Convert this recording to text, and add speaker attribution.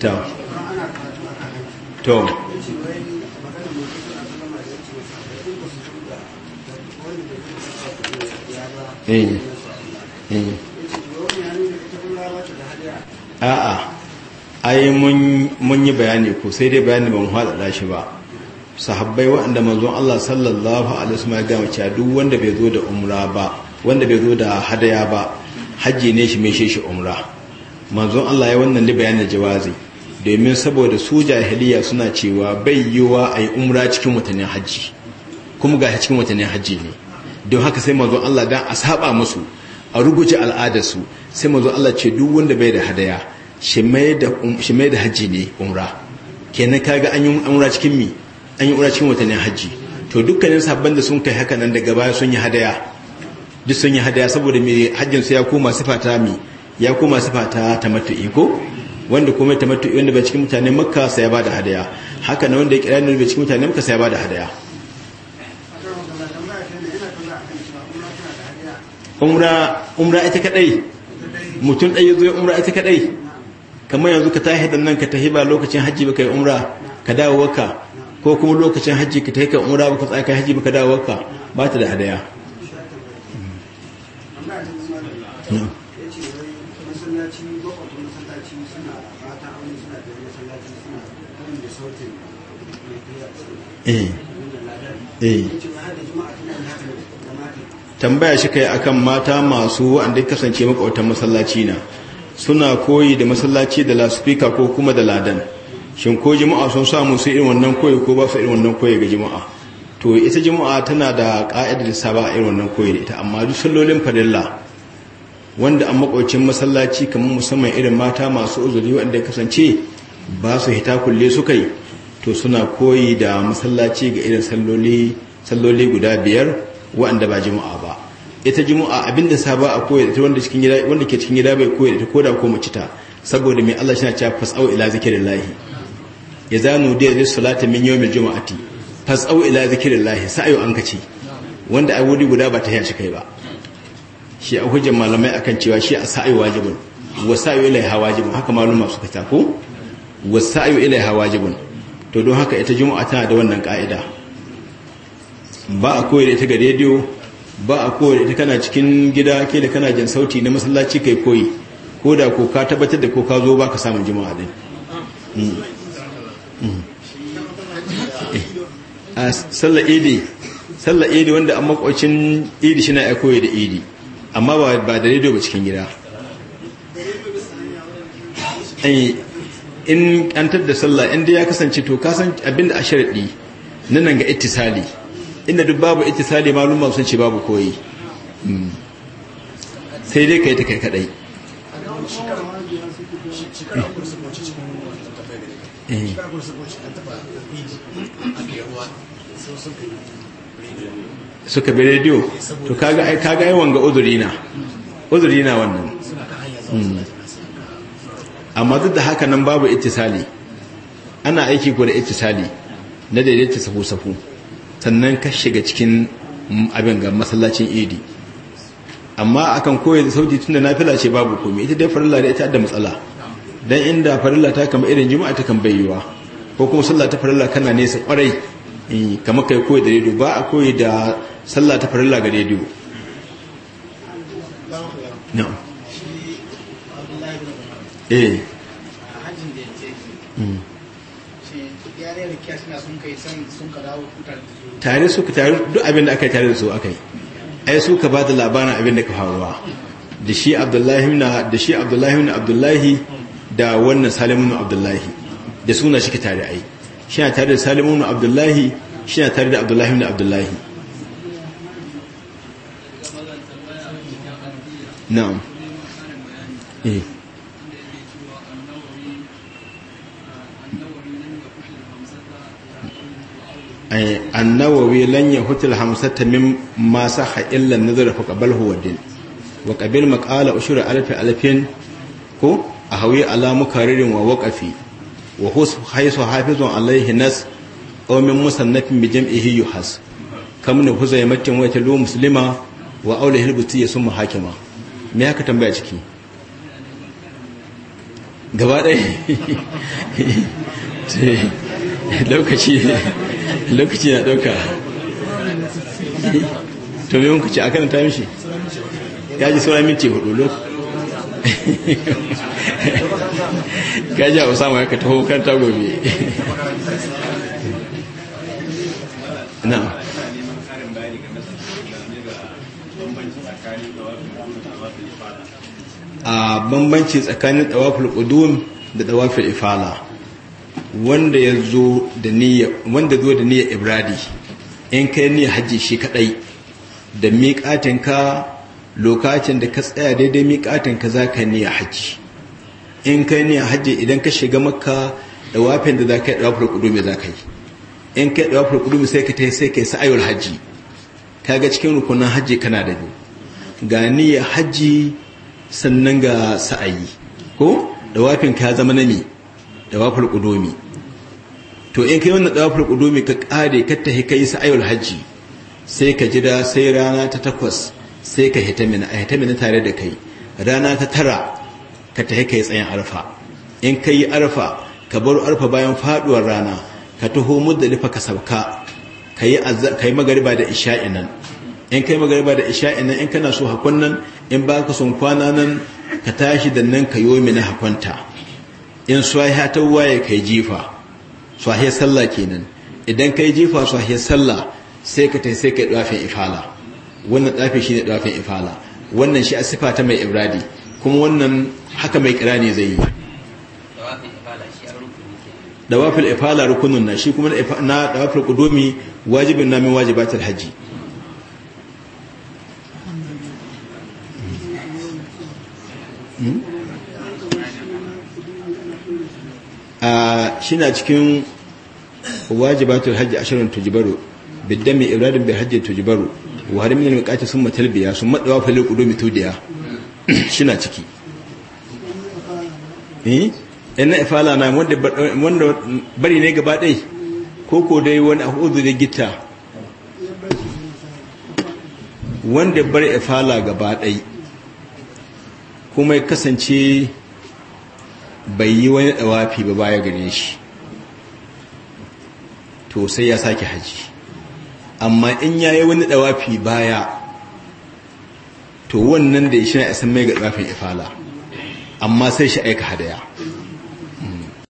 Speaker 1: ta to eh, eh. a'a mun yi bayani ko sai dai bayani ban hada shi ba sahabbai waɗanda manzon Allah sallallahu alaihi wasallam ga mace duk wanda bai zo da umra ba wanda bai zo da hadaya ba hajji ne shi mai shi umra manzon Allah ya wannan bayanin jawazi domin saboda su jahiliya suna cewa bai yiwa a yi umra cikin watannin hajji kuma ga cikin watannin hajji ne don haka sai manzon Allah dan a saba musu a ruguje al'adarsu sai manzon Allah ce duk wanda bai da hadaya shi mai da um, hajji ne umra kenan kaga an yi umra cikin mi an yi umra cikin watannin hajji to dukkanin sabban da sun kai haka nan daga baya sun yi hadaya duk sun yi hadaya saboda mai hajjin su ya koma sifata mi ya koma sifa ta tamattu'i ko wanda kuma tamattu'i wanda bai cikin mutane makka sai ya bada hadaya haka na wanda ya kira ne bai cikin mutane makka sai ya bada hadaya umra umra ita kadai mutum ɗaya yazo umra ita kadai kamar yanzu ka tahi dan nan ka tahi ba lokacin haji baka yi umra ka dawo waka ko kuma lokacin haji ka tahi ka umra baka tsaya kai haji baka dawo waka ba ta da hadaya masallaci gwamnatin masallaci suna matan aure suna da masallaci suna kan da sautin eh. eh. tambaya shi kai akan mata masu wanda kasance makwautan masallaci na suna koyi da masallaci da laspika ko kuma da ladan shin ko jima'a sun samu sai irin wannan koyi ko ba su irin wannan koyi ga jima'a to ita jima'a tana da ka'idar da saba irin wannan koyi da ita amma duk sallolin fadilla wanda an makwacin masallaci kamar musamman irin mata masu uzuri wanda ya kasance ba su hita kulle su kai to suna koyi da masallaci ga irin salloli guda biyar wanda ba jimu'a ba ita jimu'a abinda saba a koyi da wanda cikin gida wanda ke cikin gida bai koyi da ko da ko mace ta saboda mai Allah shine cewa fas'au ila zikrillahi yazanu da zai salata min yawmil jumu'ati fas'au ila zikrillahi sa'ayu an kace wanda a wuri guda ba ta yi shi kai ba shi a hujjar malamai akan cewa shi a sa'ayi wajibin wasa'i ilaiha wajibin haka maluma suka ta ko wasa'i ilaiha wajibin to don haka ita juma'a tana da wannan ka'ida ba a koyar ita ga rediyo ba a koyar ita kana cikin gida ke da kana jin sauti na masallaci kai koyi ko da ko ka tabbatar da ko ka zo ba ka samun juma'a din mm. Mm. Eh. sallar idi sallar idi wanda an makwacin idi shi na ya koyi da idi amma ba da rediyo ba cikin gida in an da sallah inda ya kasance to kasan abinda a sharaɗi na nan ga itisali inda duk babu itisali malum sun ce babu koyi hmm. sai dai ka yi ta kai kadai eh. suka bi rediyo to kaga ai kaga ai wanga uzuri na uzuri na wannan hmm. amma duk da haka nan babu ittisali ana aiki ko da ittisali na daidaita safu safu sannan ka shiga cikin abin ga masallacin idi amma akan koyar da sauti tunda fila ce babu komai ita dai farilla da ita da matsala dan inda farilla ta kama irin juma'a ta kan bayyuwa ko kuma sallah ta farilla kana nesa kwarai Eh, kamar kai koyi da rediyo ba a koyi da sallah ta farilla ga rediyo no eh hmm. tare su ka tare duk abin da aka yi tare da su aka yi ai su ka ba da labarin abin da ka faruwa da shi abdullahi na da shi abdullahi na abdullahi da wannan salimun abdullahi da suna shi ka tare ai shi na tare da salimun abdullahi shi na tare da abdullahi ibn abdullahi na'am eh. Eh, annawawi lan yahutul hamsata min ma saha illa nazara fa wa qabil alfi alfin ko wa wa hafizun alayhi nas aw min musannafin bi jam'ihi yuhas kam ne huzaimatin wa talu muslima wa aula hilbutiyya summa hakima me haka tambaya ciki gaba ɗaya lokaci lokaci na ɗauka to me muka a akan ta mishi ya ji sauran minti hudu lokaci gaja usama ya ka taho kan tagobi a bambanci tsakanin tsawafin qudum da tsawafin ifala wanda ya zo da niyya wanda zo da niyya ibradi in kai niyya hajji shi kadai da miƙatin ka lokacin da ka tsaya daidai miƙatin ka zaka niyya haji in kai niyya hajji idan ka shiga makka da wafin da zaka yi tawaful za zaka yi in kai dawa fil sai ka tai sai kai sa'ayul haji kaga cikin rukunin hajji kana da biyu ga niyyar hajji sannan ga sa'ayi ko dawafin ka zama na me dawaful to in kai wannan dawaful qudumi ka kare ka tahi kai sa'ayul hajji sai ka jira sai rana ta takwas sai ka hitamina a hitamina tare da kai rana ta tara ka tahi kai tsayin arfa in yi arfa ka bar arfa bayan faduwar rana ka taho muzdalifa ka sauka ka yi magariba da isha'i nan in kai magariba da isha'i nan in kana so hakon nan in ba ka son kwana nan ka tashi da nan ka yomi na hakonta in swahiya ta waye ka yi jifa swahiyar sallah kenan idan ka yi jifa swahiyar sallah sai ka ta sai ka yi ɗafin ifala wannan ɗafi shi ne ɗafin ifala wannan shi a sifa ta mai ibradi kuma wannan haka mai kirani zai yi dawafil ifala rukunun na shi kuma na dawafil kudomi wajibin namin wajibatul hajji hmm? a shina cikin wajibatul hajji ashirin tujibaru biddami iradin bil hajji tujibaru wa har min al sun matalbiya sun madawa kudomi qudumi tudiya shina ciki eh ina ifala na wanda bari ne gaba dai ko dai wani a hudu da gita wanda bari ifala gaba dai kuma ya kasance bai yi wani ɗawafi ba baya gare shi to sai ya sake haji amma in ya yi wani ɗawafi baya to wannan da ya shi na isan mai ga ɗawafin ifala amma sai shi aika hadaya